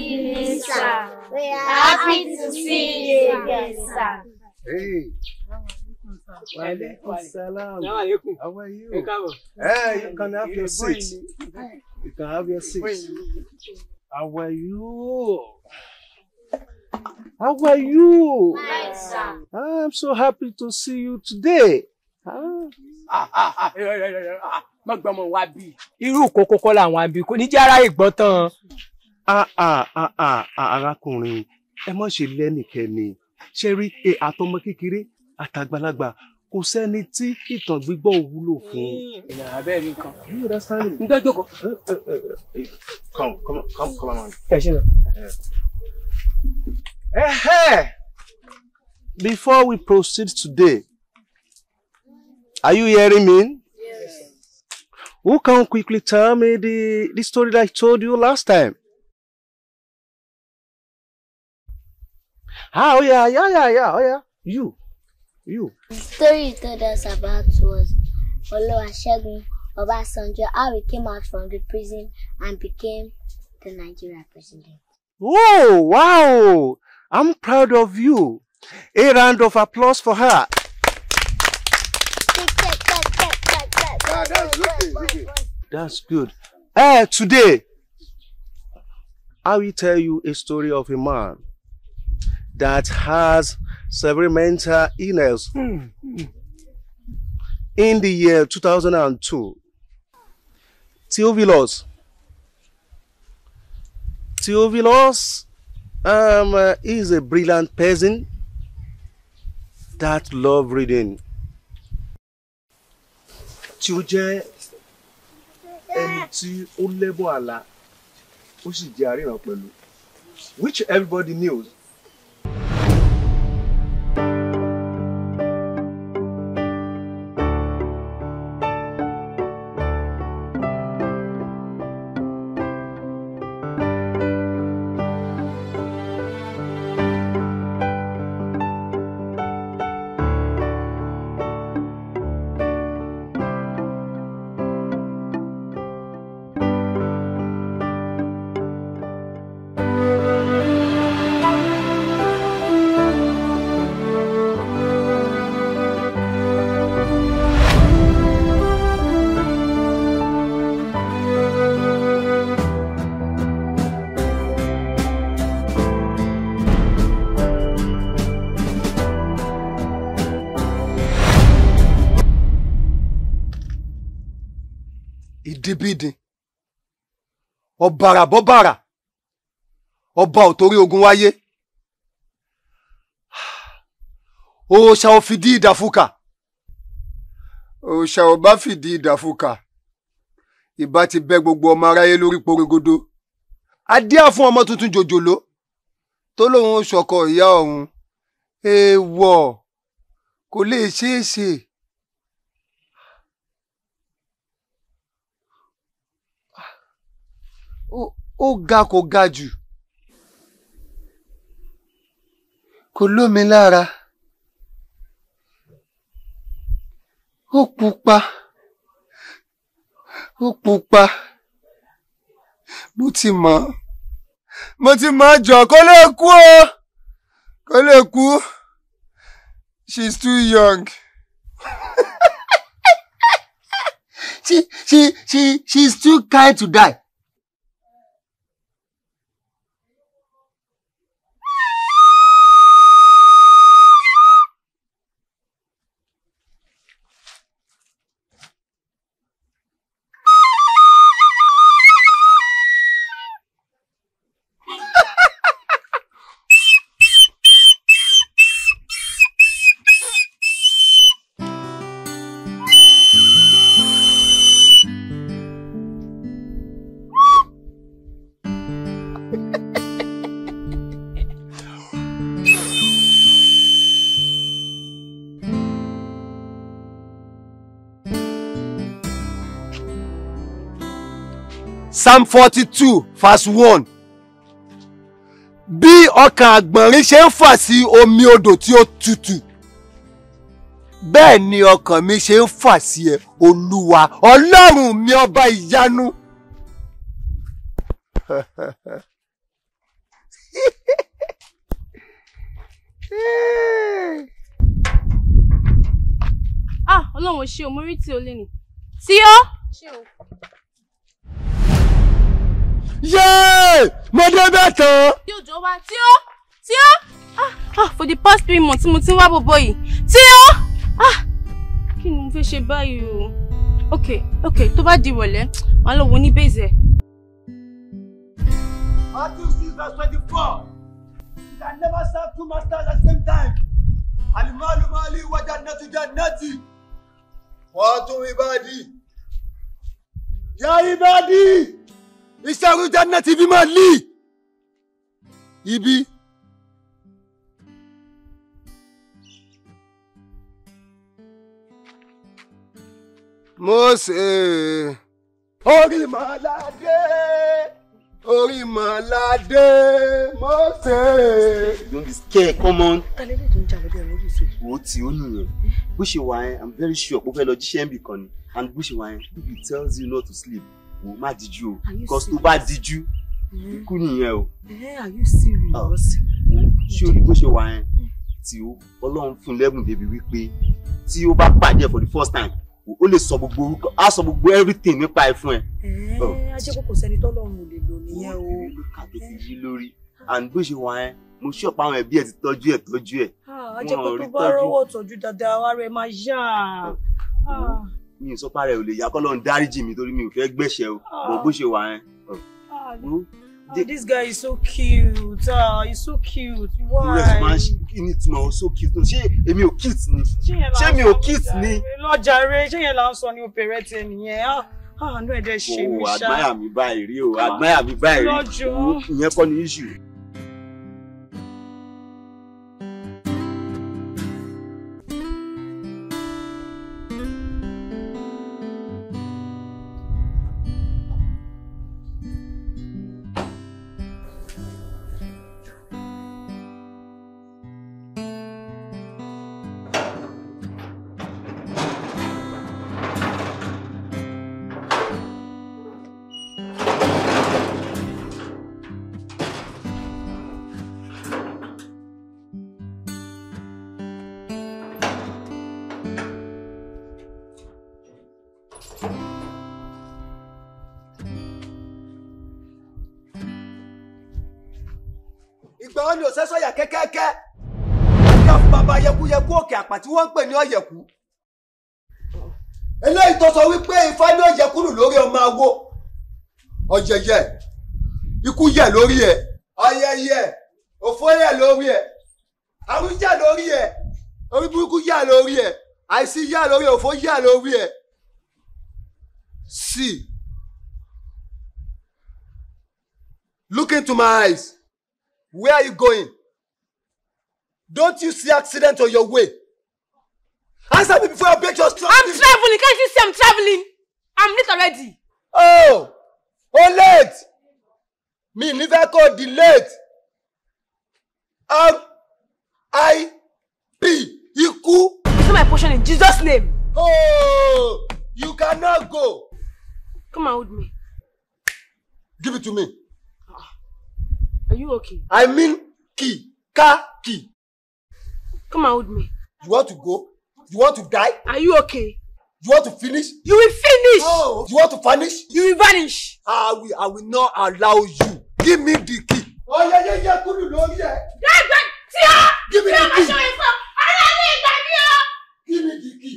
you, Miss Sam. We are happy to see you again, sir. Hey. Walaikum salam. How are you? Hey, you can have your seat. You can have your seat. How are you? How are you? Fine, sir. I'm so happy to see you today. ah ah ah ah ah. kókó kọ́ làwọn àbí kò ní jẹ́ ara ìgbọ́tàn arákùnrin ẹ má ṣe lẹ́nìkẹ́ni ṣe rí àtọmọ kékeré àtàgbàlagbà kò sẹ́ni tí ìtàn gbígbọ́ wúlò fún. èèyàn abẹ́ mi kan. n dá jókòó. Eh, eh, eh, come come come come on. ẹ ṣe lọ. Before we proceed today, are you hearing me? Yes. Who can quickly tell me the, the story that I told you last time? Ah, oh yeah, yeah, yeah, yeah, oh yeah. You, you. The story you told us about was Oluwasegun Obasanjo, how he came out from the prison and became the Nigerian president. Oh, wow! I'm proud of you. A round of applause for her. That's good. Uh, today, I will tell you a story of a man that has mental illness. In the year 2002, Theophilus, Theophilus um, uh, is a brilliant person that love reading. Tí which everybody knows ọ̀bàrà bọ́bàrà ọba òtórí ogun wáyé òòṣà ò fìdí ìdàfúkà òòṣà ò bá fìdí ìdàfúkà ìbá ti bẹ́ gbogbo ọmọ aráyé lórí porogodo adé àfún ọmọ tuntun jòjòló tó lóun ṣọkọ ìyá ọ̀hún èèwọ̀ kò lè ṣeé ṣe. ó ga kò ga jù kò lómi lára ó pupa ó pupa mo ti mọ̀ mo ti mọ̀ jọ kó lè kú o kó lè kú she's too young. she she she she is too kind to die. psalm forty two verse one bí ọkàn àgbọ̀nrín ṣe ń fà sí omi odò tí ó tutù bẹ́ẹ̀ ni ọkàn mi ṣe ń fà sí ẹ olúwa ọlọ́run mi ọba ìyanu. ah ọlọ́run ṣé o mo rí tí o lè nì tí ó yéé mo débẹ̀ tán. yóò jọ wá tí ó tí ó ah, ah, for the past three months mo ti ń wá bọ̀bọ̀ yìí tí ó ah, kí ni mo fẹ́ ṣe báyìí o ok ok tó bá di ìrọ̀lẹ́ màá lọ wo ní bèzẹ̀. Matthew six verse twenty-four you can never serve two masters at the same time alimalu mali wajan nati jan nati wàá tún ibadi yá ibadi iṣẹ́ orí Jannah TV máa lì ibi. Mósè orí màládé orí màládé Mósè. don't be scared come on. alẹ́ lè tó ń jà lọ́dọ̀ lórí ìṣòro. wo ti ó nìyẹn bó ṣe wà yẹn i'm very sure pé ó fẹ́ lọ jíṣẹ́ ń bì ni and bó ṣe wà yẹn he tells you not to sleep wò má díjú o because tó bá díjú mm-hmm. ikú nìyẹn o. Eh, you serious? Ah, ṣé o rí bó ṣe wà yẹn tí ọlọ́run fún lẹ́bùn débi wípé tí ó bá pàdé for the first time ó lè sọ gbogbo orúkọ á sọ gbogbo everything nípa ẹ fún ẹ. ajé kò kò sẹ́ni tọ́lọ́run ò lè lò nìyẹn o. kà tó ti yí lórí and bó ṣe wà yẹn mo ṣí ọ̀pá àwọn ẹbí ẹ ti tọ́jú ẹ tọ́jú ẹ. ajé ah, kò tó bá rówó tọ́jú dáadáa ara ẹ máa yá. Oh. Ah mi ò sọ párẹ ò lè yá kọ́lọ́run dáríjì mi torí mi ò fẹ́ gbẹ̀ṣẹ̀ o mo bó ṣe wà yẹn. Oh, this guy is so cute. Ah, uh, he's so cute. Why? Yes, man, she, in it now, so cute. Ṣé èmi ò cute ni? Ṣé mi ò cute ni? Lọ́jàre, ṣé yẹn là sọ ní obìnrin tẹ nìyẹn? Ah, àánú ah, ẹ̀dẹ̀ ṣe mí oh, ṣá. àgbáyà mi báyìí rí o, àgbáyà mi báyìí rí. Lọ́jọ́. Hmm? Ìyẹn kọ́ ni issue. ìgbà ni ò sẹ́sọ̀yà kẹ́kẹ́kẹ́ ẹ̀yà fún bàbá yẹkuyẹku òkè àpà wọ́n ń pè ní ọ̀yẹ̀kú eléyìí tó sọ wípé ifá ní ọ̀yẹ̀kú lórí ọmọ awo ọ̀yẹ̀yẹ̀ ikú yẹ̀ lórí ẹ̀ ọ̀yẹ̀yẹ̀ òfó yẹ̀ lórí ẹ̀ àrùn yẹ̀ lórí ẹ̀ orí burúkú yà lórí ẹ̀ àìsí yà lórí òfó yà lórí ẹ̀ sí. Look into my eyes. Where are you going? Don't you see accident on your way? Answer me before I break your strong. I'm traveling. Can't you see I'm traveling? I'm late already. Oh, oh late. Me neither call delayed. Um, I P Iku. Say my portion in Jesus' name. Oh, you cannot go. Come and hold me. Give it to me. Are you okay? I mean key. Car key. Come and with me. You want to go? You want to die? Are you okay? You want to finish? You will finish! Oh. You want to vanish? You will vanish! I will, I will not allow you. Give me the key. Oh, yeah, yeah, yeah, kúrò lórí ẹ̀. Dẹ́gbẹ̀ tí ó! Give me the key. Bí ọmọ ṣe sọ, ara ní ìgbà ni ó. Give me the key.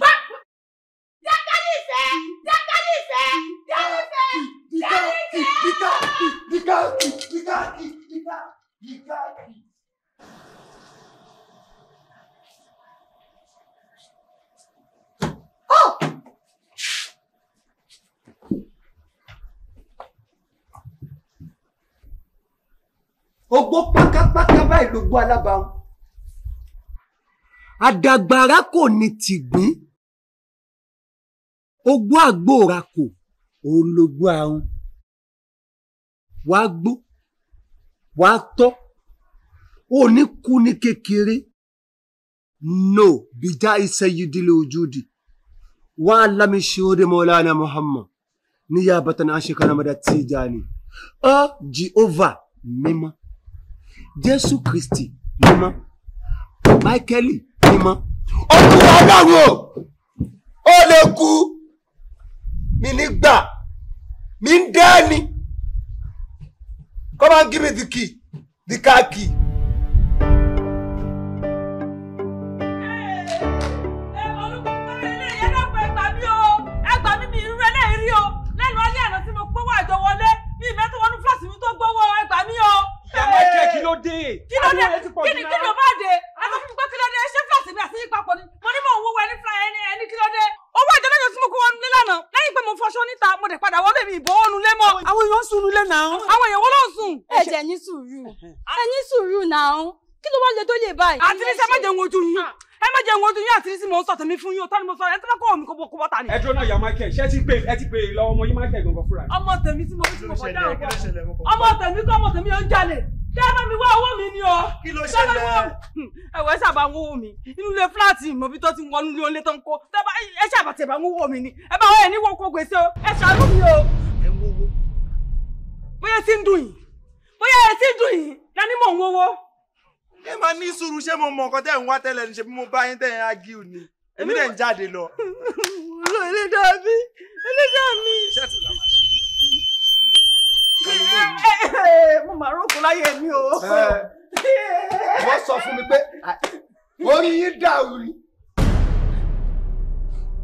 Dẹ́gbẹ̀ nífẹ̀ẹ́, dẹ́gbẹ̀ nífẹ̀ẹ́, dẹ́gbẹ̀ nífẹ̀ẹ́. Dikaki, Dikaki, Dikaki, Dikaki, Dikaki, Dikaki. Ogbó pákápáká báyìí ló gbó alábàáhùn. Àdàgbàrá kò ní tìgbín. Ogbó àgbòrà kò òun lógbó ahun wàá gbó wàá tọ́ ò ní kú ní kékeré no bìjà ìsẹyìdìlẹ ojúdi wàá lami ṣòro mọlánà muhammad níyàbàtàn àṣekànàmọdà tìjàni ọ jehova mímọ́ jésù kristi mímọ́ máikẹ́lì mímọ́ ọkùnrin ọlọ́run ò lè kú mi nígbà min dani. Come and give me the key, the car key. dé. kí ló dé kí ni kí ló dé. kí ló dé ṣé fúlàsì mi àti yín papọ̀ ni mo ní mò ń wúwo ẹni fúlà ẹni kí ló dé owó àjọ lọ́jọ́ tí mo kó wọnú lé lánàá lẹ́yìn pé mo fọṣọ níta mo dẹ̀ padà wọlé mi ìbò ònú lé mọ́. àwọn èèyàn ń sùn nílé náà. àwọn èèyàn wọ́n ló ń sùn. ẹ jẹ́ ní sùúrù ẹ ní sùúrù náà kí ló wá lè tó lè báyìí. àti ní sẹ́ mẹ́jẹ̀ ń wojú yín ẹ má jẹun ojú yín àti ní sí mo ń sọ tèmi fún yín o tani mo sọ ẹ tẹ́lẹ̀ kọ́ mi kó bọ́ ta ni. ẹ dúró náà ya Michael ṣé ti pè ẹ ti pè lọ ọmọ yín Michael gangan fúnra. ọmọ tèmi tí mo ti mọ̀ bọ́ dáhùn kọ́ ọmọ tèmi kọ́ ọmọ tèmi yóò ń jalè dábàá mi wá owó mi ni o. kí ló ṣẹlẹ̀. ẹ̀wọ̀ hm, ẹ ṣàbà ń wọ́wọ́ mi inú ilé fúláàtì mọ̀bí tó ti wọnú ilé oúnjẹ tó ń kó ẹ ṣàbà tẹ̀ ń wọ́wọ́ mi ni ẹ bá wọ́n ẹ̀ ní wọ́n gbèsè o ẹ ṣàánú mi o. ẹ ń wọ́wọ́. bóyá ẹ ti ń dùn yìí bóyá ẹ ti ń dùn yìí lẹ́ni mò ń wọ́wọ́. ẹ máa ní sùúrù ṣé mo mọ nǹkan tẹ́ ń wá tẹ́lẹ̀ ní ṣe bí mo bá yín tẹ́ ń mo máa rókun láyé mi o. wọ́n sọ fún mi pé orí yín dàrú ni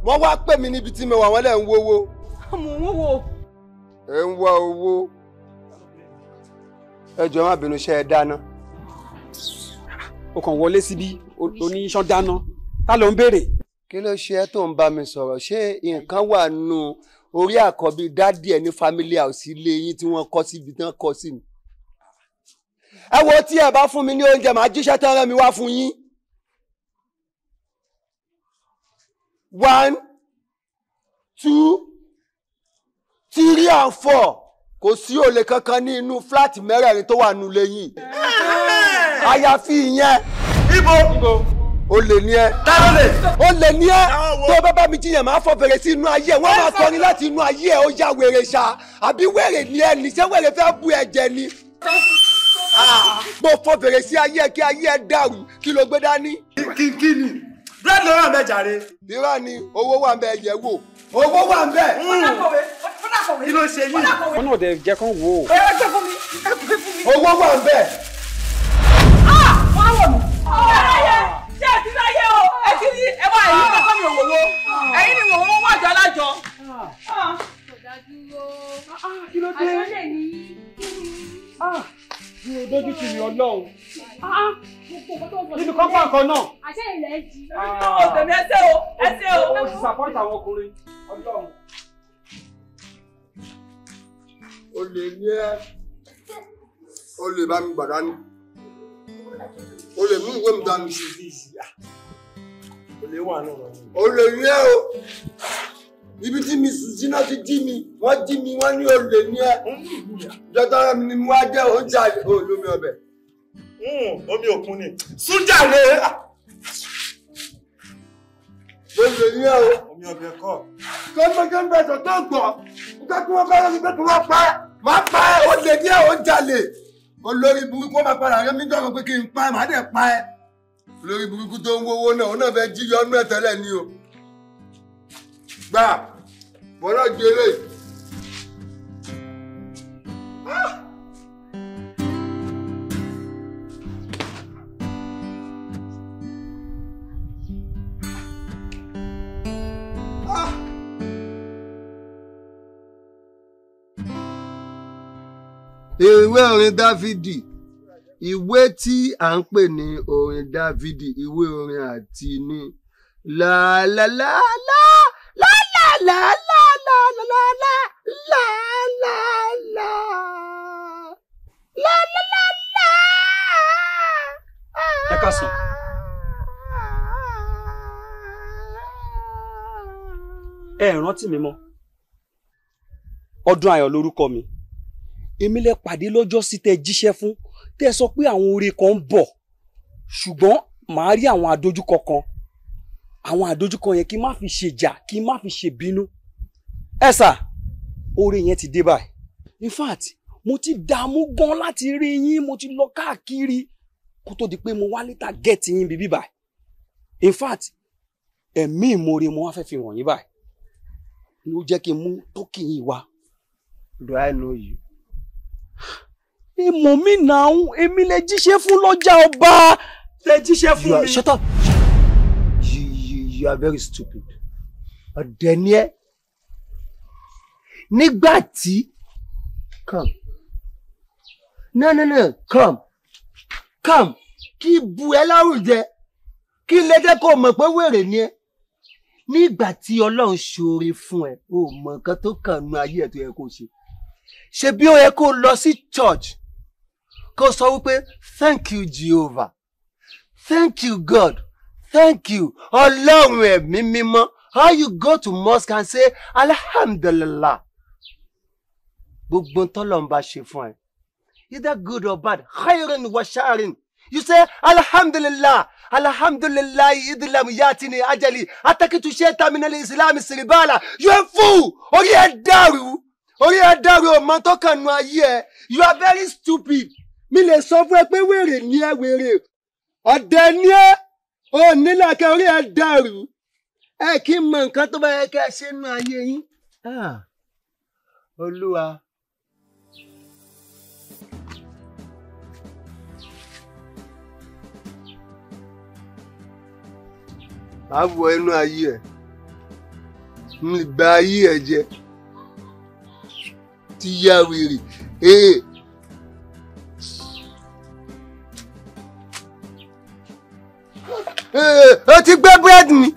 wọ́n wá pè mí níbi tí mo wà wọ́n lẹ̀ ń wówó. mo ń wówó. ẹ ń wá owó ẹ jọ má bínú iṣẹ́ ẹ dáná. o kàn wọlé síbi oníṣan dáná ta ló ń béèrè. kí ló ṣe mi sọ̀rọ̀ ṣé nǹkan wà nù orí àkọ́bí dádì ẹ̀ ní family house ilé yín tí wọ́n kọ́ síbi tí wọ́n kọ́ sí mi. ẹ wo tí ẹ bá fún mi ní oúnjẹ màá jíṣẹ́ tán rán mi wá fún yín. one two three and four kò sí òòlè kankan ní inú fúláàtì mẹ́rẹ̀ẹ̀rin tó wà nù lẹ́yìn àyàfi ìyẹn. ibo. ibo o lè ní ẹ. dáwọlé. o lè ní ẹ tó bá bá mi jiyàn máa fọ fèrè sí inú ayé ẹ wọn máa kọrin láti inú ayé ẹ ó ya wèrè ṣá àbí wèrè ní ẹ nìṣẹ́ wèrè fẹ́ bu ẹ̀jẹ̀ ni. mo fọ fèrè sí ayé ẹ kí ayé ẹ dàrú kí ló gbé dání. kí kí ni bírèdì lọ́wọ́ àmì ẹ̀jà rẹ. ìrà ni owó wà ń bẹ ẹ̀yẹ wò. owó wà ń bẹ. Hmm. kí ló ṣe yìí. wọn náà dẹ jẹ kán ah wọ́n wá èyí ah. ló kọ́ mi òwòwò èyí ni òwòwò wà jọ alájọ. kò dájú o kí ló dé àṣọlẹ̀ ni ah. mi ò dójú tì mí ọlọ́run níbi kọ́pọ̀ kan náà. àṣẹ ilẹ̀ jì. ọ̀hún ah. oh, tèmi ẹsẹ̀ o ẹsẹ̀ o. o ti sàpọ́ǹtì àwọn ọkùnrin ọlọ́run. o lè ní ẹ o lè bá mi gbàdánù o lè mú ìwé mi dání olè wà nù. olè yẹ o ibi tí mi sùn sí náà ti jí mi wọ́n jí mi wọ́n ní olè ní ẹ dọ́tọ́rọ́ mi ni mo wá jẹ́ oúnjẹ olómi ọbẹ̀. Hmm, omi òkun ni súnjà lè. olè yẹ o. omi ọbẹ̀ kọ́. kọ́ńtàkì ń bẹ̀sọ̀ tó gbọ̀ nígbà tí wọ́n bá yọ nígbà tí wọ́n pa máa pa olè ní ẹ oúnjẹ lè olórí burúkú wọn máa padà yọ mí dọ̀rọ̀ pé kí n pa ẹ màá dẹ̀ pa ẹ lórí burúkú tó ń wówó náà òun náà fẹ́ jí yọ ọdún ẹ̀tẹ́lẹ̀ ni o gbà bọ́lá gbélé. Ah! Ah! ewé orin dáfídì ìwé tí à ń pè ní orin dávidi ìwé orin àti ní làálàálàálà làálàálàálàálàálà làálàálà làálàálà. ẹ ká sùn. ẹ rántí mi mọ́ ọdún ayọ̀ lórúkọ mi èmi lẹ pàdé lọ́jọ́ sí tẹ jíṣẹ́ fún tẹ́ ẹ sọ pé àwọn oore kan ń bọ̀ ṣùgbọ́n màá rí àwọn àdójúkọ kan àwọn àdójúkọ yẹn kí n má fi ṣèjà kí n má fi ṣèbínú ẹ sà oore yẹn ti dé báyìí in fact mo ti dààmú gan láti rí yín mo ti lọ káàkiri kó tó di pé mo wá létà gẹ́ẹ̀tì yín bíbí báyìí in fact ẹ̀mí ìmoore mo wá fẹ́ fi hàn yín báyìí ló jẹ́ kí n mú tókì yín wá. Do I know you? mi mọ̀ mí náà èmi lè jíṣẹ́ fún lọ́jà ọba lè jíṣẹ́ fún mi. shut up you you you are very stupid ọ̀dẹ̀ ni nígbà tí come no no no come come kí bu ẹ láwùjẹ kí n lè jẹ́ kó mọ̀ pé wèrè ni ẹ́ nígbà tí ọlọ́run ṣoore fún ẹ o mọ̀ nǹkan tó kàn nu ayé ẹ̀ tó yẹ kó ṣe ṣe bí ó yẹ kó lọ sí church kó sọ wípé thank you Jehovah thank you God thank you ọlọ́run ẹ̀mí mímọ́ how you go to mosque and say alhamdulillah gbogbo tọ́lọ́run bá ṣe fún ẹ either good or bad khairin wa sharin you say alhamdulillah alhamdulillah idilam yatini ajali atakitu sheta minali islam siribala you a fool orí ẹ dàrú orí ẹ dàrú ọmọ tó kànú ayé ẹ you are very stupid mi lè sọ fún ẹ pé wèrè ní ẹ wèrè ọ̀dẹ̀ ní ẹ ò nílò kẹ orí ẹ dàrú ẹ kì í mọ nǹkan tó bá yẹ kẹ ṣe nínú ayé yín. Ah, olúwa. àwọ ẹnu ayé ẹ ń gba ayé ẹ jẹ ti yá wèrè. Eh, o eh, eh, ti gbé búrẹ́dì mi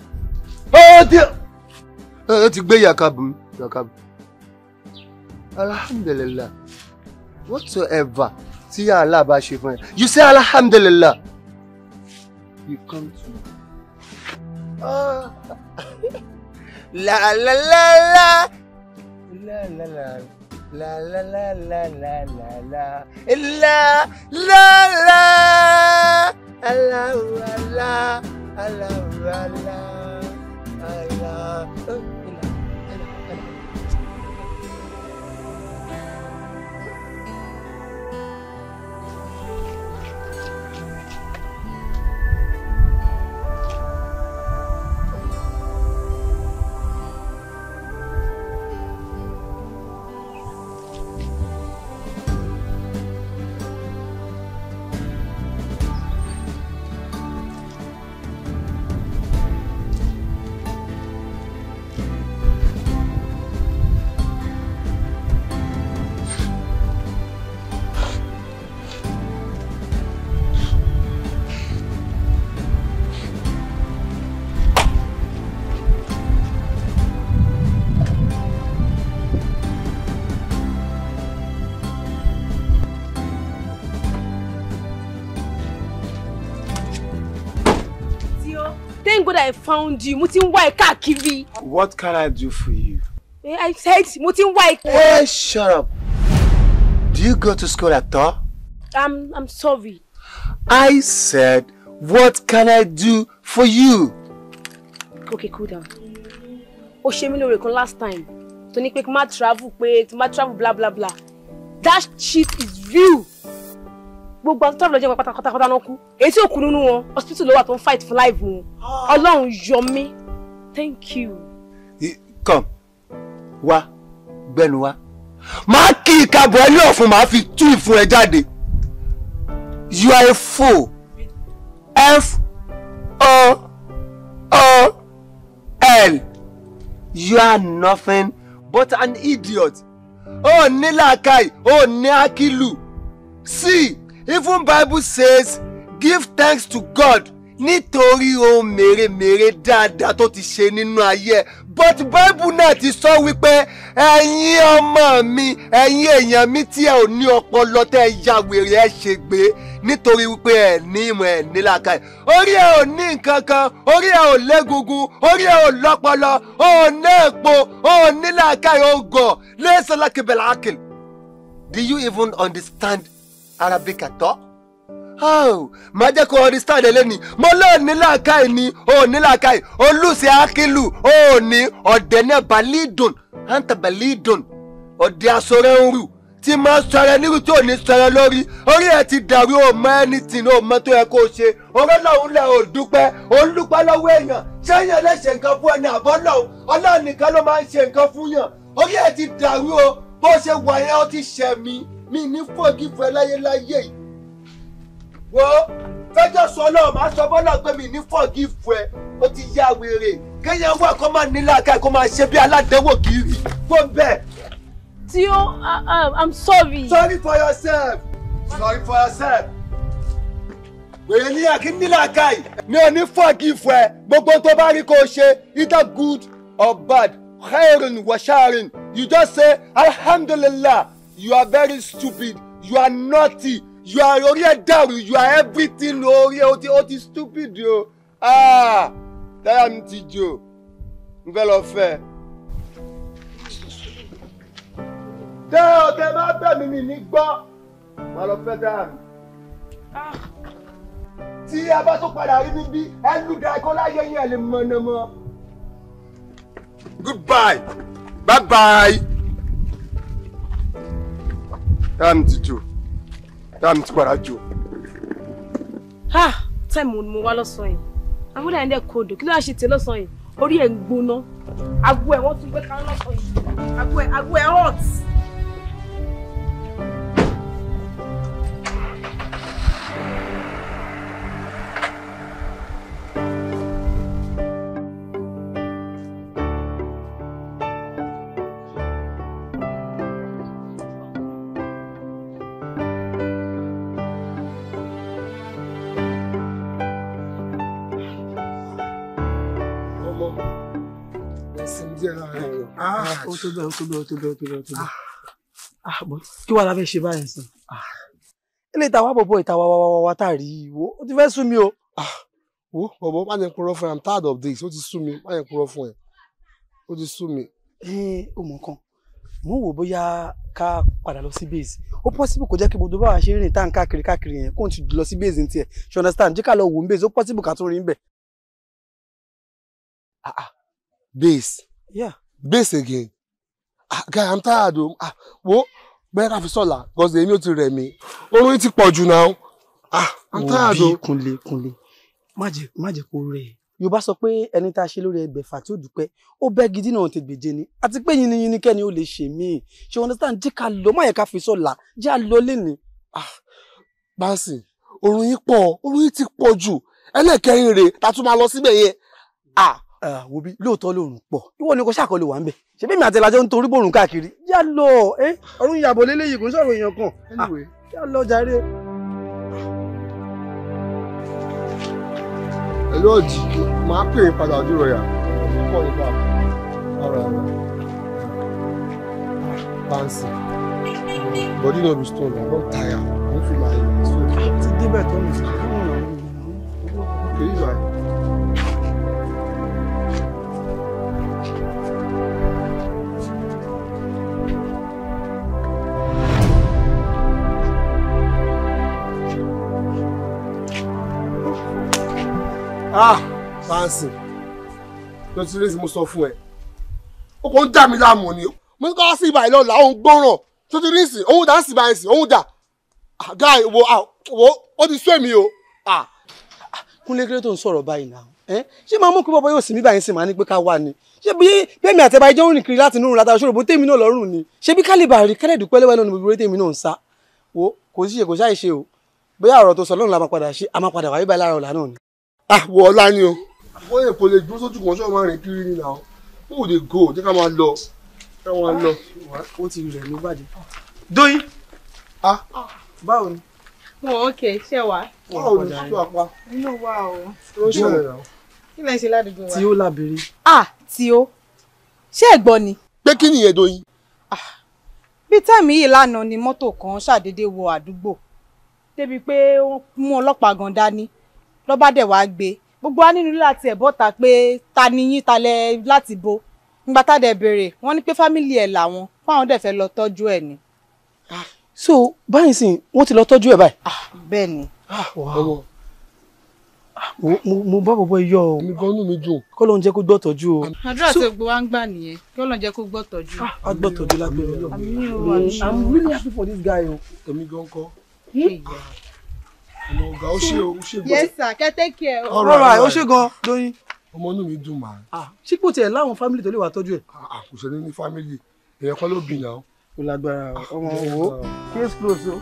o eh, ti o ti gbé yakabu mi yakabu alhamdulilah whatsoever tí Allah bá ṣe fún ẹ you say alhamdulilah you come to me. Ah. la la la la la la la. La la la la la la la la la la la la la la la la la la la. I found you mo ti ń What can I do for you? Eh, I said mo ti Hey, shut up. Do you go to school at all? I'm, I'm sorry. I said, what can I do for you? Okay, cool down. Ó shame mí lóore kan last time. Tó ní pé travel wait, má travel blah blah blah. That shit is real gbogbo àwọn tó tàbí lọ́jọ́ pátákátá náà kú èyí tí ò nínú wọn hospital ló wà ń fight for life wọn ọlọ́run yọ mí thank you. come wá gbẹnu wá máa kí ìkàbọ̀ ẹni ọ̀fun máa fi tú ìfun ẹ jáde you are a fool f o o l you are nothing but an idiot o ní làákàyè o ní akílù sí even bible says give thanks to god nítorí ohun mèremère dáadáa tó ti ṣe nínú ayé but bible náà ti sọ wípé ẹ̀yin ọmọ mi ẹ̀yin èèyàn mi tí ẹ ò ní ọpọlọ tẹ́ ya wèrè ẹ ṣègbè nítorí wípé ẹ ní ìmọ̀ ẹ ní làákàyè orí ẹ ò ní nǹkan kan orí ẹ ò légungun orí ẹ ò lọ́pọlọ ò ní èpo ò ní làákàyè ògò lẹ́sẹ̀ lákèbẹ̀lá àkìl. Do you even understand arabic àtọ́ máa jẹ́ kó o star lẹ́lẹ́ ni mo lọ́ọ̀ nílàákàyè ni o ò nílàákàyè olùsẹ̀ akílù o ò ní ọ̀dẹ̀ náà balidun hanta balidun ọ̀dẹ̀ asọ̀rẹ̀ ń rù tí máa sọ̀rọ̀ nírú tí ò ní sọ̀rọ̀ lórí orí ẹ̀ ti dàrú o mọ ẹni tì ní o mọ tó yẹ kó o ṣe ọ̀rọ̀ lọ́hùn lẹ̀ ò dúpẹ́ òun dúpẹ́ lọ́wọ́ èèyàn ṣé èèyàn lè ṣe nǹkan fún ẹni àbọ̀ lọ́hùn ọlọ́run nìkan ló máa ń ṣe nǹkan fún yàn orí ẹ̀ ti dàrú o bó ṣe wà yẹn ó ti ṣẹ̀mí mi ní fọ́gífù ẹ láyéláyé yìí wo fẹjọ sọ Ọlọ́run máa sọ bọlọ pé mi ní fọ́gífù ẹ ó ti yá wèrè kéèyàn wà kó máa nílá ká kó máa ṣe bí aládẹ́wò kiri kó bẹ́ẹ̀. Tio, I, I'm sorry. Sorry for yourself. Sorry for yourself. Wèrè ní àkí nílá ká yìí. Mi ò ní fọ́gífù ẹ gbogbo tó bá rí kó o ṣe either good or bad khairun wa sharin you just say alhamdulillah you are very stupid you are naughty you are orí ẹ dàrú you are everything orí ẹ o ti o ti stupid o ah táyà mi ti jò n fẹ́ lọ fẹ́ tẹ ọtẹ bá bẹ̀ mí mi ní gbọ́ màá lọ fẹ́ táyà mi tí a bá tún padà rí níbí ẹ lù dá ẹkọ láyé yẹn lè mọ̀nàmọ́. goodbye bye bye táàmù ti jò táàmù ti padà jò. ha táìmù ni mo wá lọ́sàn-án yìí àwọn ọ̀dà ẹ̀ńdẹ̀ kodò kí ló wá ṣe tè lọ́sàn-án yìí orí ẹ̀ ń gbóná agbo ẹ̀ wọ́n hot. díẹ̀ lára ẹ̀rọ. ó tó bẹ́ẹ̀ ó tó bẹ́ẹ̀ ó tó bẹ́ẹ̀ ó tó bẹ́ẹ̀ ó tó bẹ́ẹ̀. Ah, kí wàá la fẹ́ ṣe báyẹn sàn. Ah. ilé ìta wá bọ̀bọ̀ ìta wá wá wá wá tàrí ìwò ó ti fẹ́ sú mi o. Ah. wo bọ̀bọ̀ má yẹn purọ́ fún ẹ i'm tired of this ó ti sú mi má yẹn purọ́ fún ẹ ó ti sú mi. ẹ ò mọ̀ kan mo wò bóyá ká padà lọ sí base ó possible kó jẹ́ kí gbogbo báwa ṣe ń rìn tá à ń káàkiri káàkiri yẹn kó n ti lọ sí base ní tiẹ̀ ṣe understand jẹ́ ká lọ wò ń base ó possible ká tún rìn bẹ̀. base Yeah. Base again. Ah, guy, I'm tired o. Oh. Ah, wo bẹ́ẹ̀ ká fi sọ̀la because èmi ò ti rẹ̀ mí. Oorun ti pọ̀ jù náà. Ah, I'm tired o. Oh. Wọ́n bí Kunle Kunle. Má jẹ́ má jẹ́ kó rẹ̀. Yorùbá sọ pé ẹni tá a ṣe lórí ẹgbẹ̀fà tí ó dúpẹ́, ó bẹ́ gidi náà ti gbèje ni. Àti pé yìnyín yìnyín kẹ́ni ó lè ṣe mí. Ṣé o understand? Jí ká lọ, má yẹ ká fi sọ̀la. Jẹ́ à lọ lénìí. Ah, Báńsì, oorun yìí pọ̀, oorun yìí ti pọ̀ jù. Ẹlẹ́kẹ̀rin rèé, ta tún máa lọ síbẹ̀ yẹn. Ah, wo bí lóòótọ́ lòrùn pọ̀ ìwọ ni kò ṣàkọlù wà ń bẹ̀ ṣe bí mi àti ìlàjọ ń torí bòrùn káàkiri yá lọ ẹ ọrùn ìyàbọ̀ lélẹ́yìí kò ń sọ̀rọ̀ kan ah, yá lọ jàre. ẹ lóòjì máa pè é padà ojú rẹ̀ yà pọ̀ nípa ara rẹ̀ body no be stone i don tire i don my head. àti débẹ̀ tó ń sọ. kì í ah fancy ló ti rí mo sọ fún ẹ o kò ń dà mí láàmú ni mo ní kọ́ sí ibà yìí lọ́la òun gbọ́ràn tó ti rí sí òun dà sí ibà yìí sí òun dà ah, guy wo ah, wo ó ti sún èmi o. Ah. kúnlé kéré tó ń sọ̀rọ̀ báyìí náà ṣé máa mú kí bọ́bọ́ yóò sì mí báyìí sì máa ní pé ká wà ni ṣé bí bẹ́ẹ̀mi àtẹ̀bá ẹjọ́ ń rìn kiri láti inú látara ṣòro bó tèmi náà lọ́rùn ni ṣé bí kálíbà rí kẹ́lẹ́ dúpẹ́ lẹ́wọ́ náà ni gbogbo tèmi náà ń sá wo kò sí ṣe kò ṣáì ṣe o bóyá ọ̀rọ̀ tó sọ lọ́run la máa padà ṣe a máa padà wáyé báyìí lára ọ̀la náà ni àwọ̀ ah, ọ̀la ni o wọ́n yẹ kó lè dúró sójú kan ṣọ́ọ́ máa rìn kiri ni náà ó lè go jẹ́ ká máa lọ ká máa lọ. ó ti rẹ̀ ní bàjẹ́. dóyin. a ah. báwo ni. mo okay ṣe wá. báwo ni ṣe wá pa. inú wa o. ó ṣẹlẹ̀ náà. kí lẹ ṣe ládùúgbò wa. tí ó lábẹ́rẹ́. ah tí ó ṣé ẹ gbọ́ ni. pé kí nìyẹn dóyin. Ah, bíi táìmì yìí lánàá ni mọ́tò kan ṣàdédé wọ àdúgbò débi pé ó mú ọlọ́pàá gan dání ló bá dẹ̀ wá gbé gbogbo wa nínú láti ẹ̀ bọ́ta pé ta ni yín ta lẹ láti bo nígbà tá dẹ̀ béèrè wọ́n ní pé fámìlì ẹ̀ làwọn fáwọn dẹ̀ fẹ́ lọ tọ́jú ẹ̀ ni. Ah, so báyìí sìn wọ́n ti lọ tọ́jú ẹ̀ báyìí. Ah, bẹ́ẹ̀ ni. Ah, mo bá bọ̀bọ̀ yọ o. mi gan inú mi dùn. kọ́ ló ń jẹ́ kó gbọ́ tọ́jú o. àdúrà tí gbogbo wa ń gbà nìyẹn kí ọlọ́run jẹ́ kó gbọ́ tọ́jú. a gbọ́ tọ́jú lágbèrè. àmì yóò wà ní. I'm really happy for this guy o. èmi gan kọ́ ọmọ ọgá ó ṣe yes sir kẹ́tẹ́ kí ẹ. ọ̀rọ̀ ẹ̀ ó ṣe gan lóyún. ọmọ inú mi dùn mà. Ah, ṣé kò tiẹ̀ láwọn fámìlì tó lè wà tọ́jú ẹ̀. Ah, ah, kò ṣe ní ní fámìlì èèyàn kan ló bìnà. kò lágbára ọmọ òwò case close o.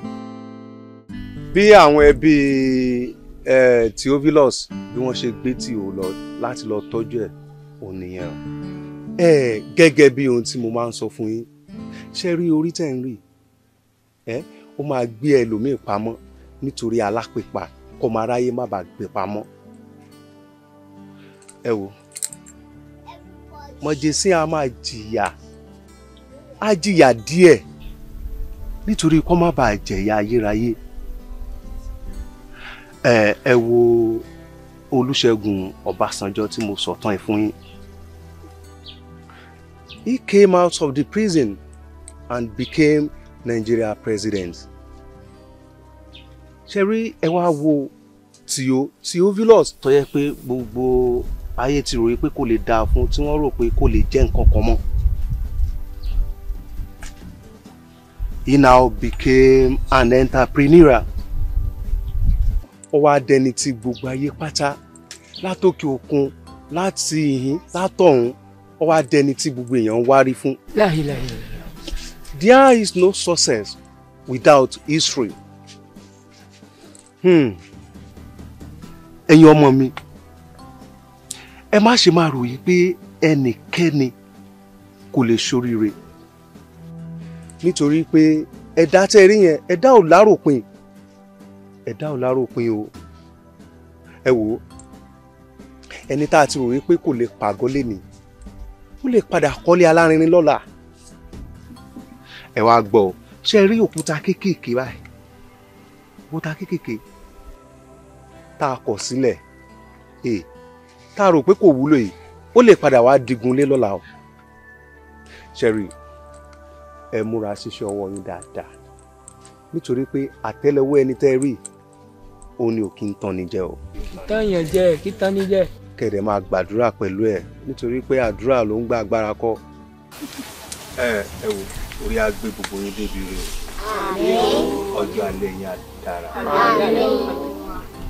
bí àwọn ẹbí Theophilus bí wọ́n ṣe gbé tí o lọ láti lọ tọ́jú ẹ̀ òun nìyẹn gẹ́gẹ́ bí ohun tí mo máa ń sọ fún yín ṣe rí orí tẹ̀ ń rí ó máa gbé ẹlòmíì pamọ́ nítorí alápèpa kọ́mọ aráyé má bàa gbé pamọ́. ẹ wo mọ̀jẹ̀sín a máa jìyà á jìyà díẹ̀ nítorí kó má bàa jẹ̀yà ayérayé ẹ ẹ wo Olúṣẹ́gun Ọbásanjọ́ tí mo sọ tán ẹ fún yín he came out of the prison and became Nigeria president ṣẹ́rí ẹ wá wo Tio Theophilus tó yẹ pé gbogbo ayé ti ròyìn pé kò lè dáa fún tí wọ́n rò pé kò lè jẹ́ nǹkan kan mọ́. He now became an entrepreneur. Ó wá dẹni tí gbogbo ayé pátá látòkè òkun láti ìhín látọ̀hún ó wá dẹni tí gbogbo èèyàn ń wárí fún. láhìláhìlá There is no success without history. Hmm. Ẹ̀yin ọmọ mi, ẹ má ṣe máa ròyìn pé ẹnikẹ́ni kò lè ṣoríire. Nítorí pé ẹ̀dá tẹ́ rí yẹn, ẹ̀dá ò láròpin. Ẹ̀dá ò láròpin o. Ẹ wò ó, ẹni tá a ti rò wípé kò lè pàgọ́ lé ni, ó lè padà kọ́lé alárinrin lọ́la ẹ wá gbọ́ ọ ṣe rí òkúta kéékèèké báyìí òkúta kéékèèké tá a kọ̀ sílẹ̀ èè tá a rò pé kò wúlò yìí ó lè padà wá digun lé lọ́la o ṣẹ́rí ẹ múra ṣíṣe ọwọ́ yín dáadáa nítorí pé àtẹ́lẹwọ́ ẹni tẹ́ rí ó ní òkè ń tán ni jẹ o. kíntàn yẹn jẹ kíntàn ni jẹ. kẹ̀dẹ̀ máa gbàdúrà pẹ̀lú ẹ̀ nítorí pé àdúrà ló ń gba agbára kọ́. ẹ ẹ wò orí agbé gbogbo yín débi rè ya dara. dára.